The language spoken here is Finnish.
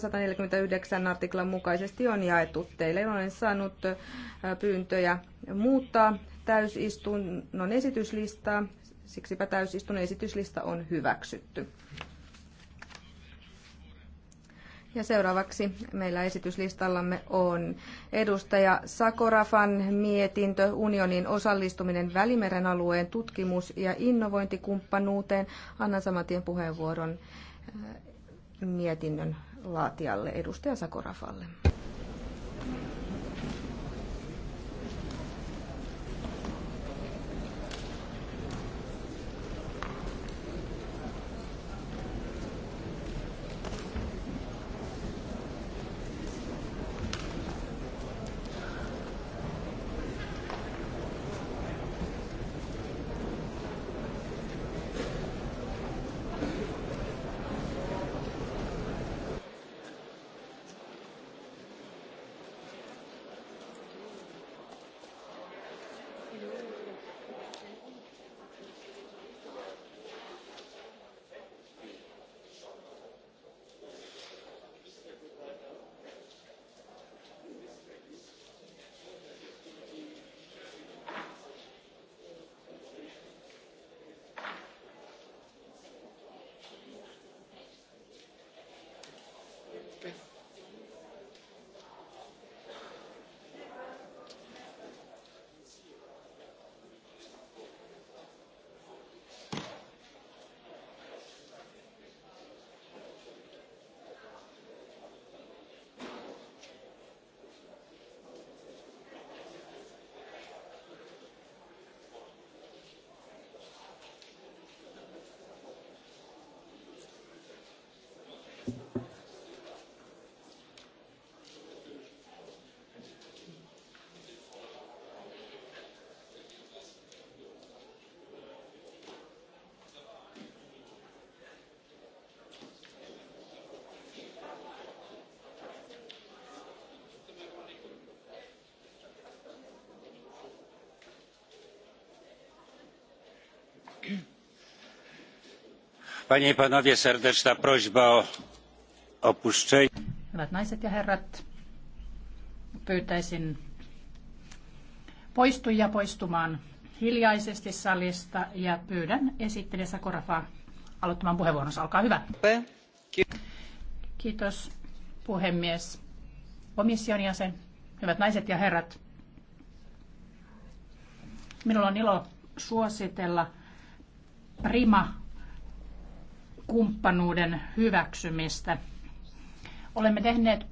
149 artiklan mukaisesti on jaettu teille. Olen saanut pyyntöjä muuttaa täysistunnon esityslistaa. Siksipä täysistunnon esityslista on hyväksytty. Ja seuraavaksi meillä esityslistallamme on edustaja Sakorafan mietintö Unionin osallistuminen Välimeren alueen tutkimus- ja innovointikumppanuuteen. Annan saman tien puheenvuoron mietinnön laatijalle, edustaja Sakorafalle. Panie i panowie, serdeczna prośba o opuszczenie. Hyvät naiset ja herrat, pyytäisin poistujia poistumaan hiljaisesti salista ja pyydän esittelijä Sakorafaa aloittamaan puheenvuoronsa. Olkaa hyvä. Kiitos puhemies. Komission jäsen, hyvät naiset ja herrat. Minulla on ilo suositella Prima-kumppanuuden hyväksymistä. Olemme tehneet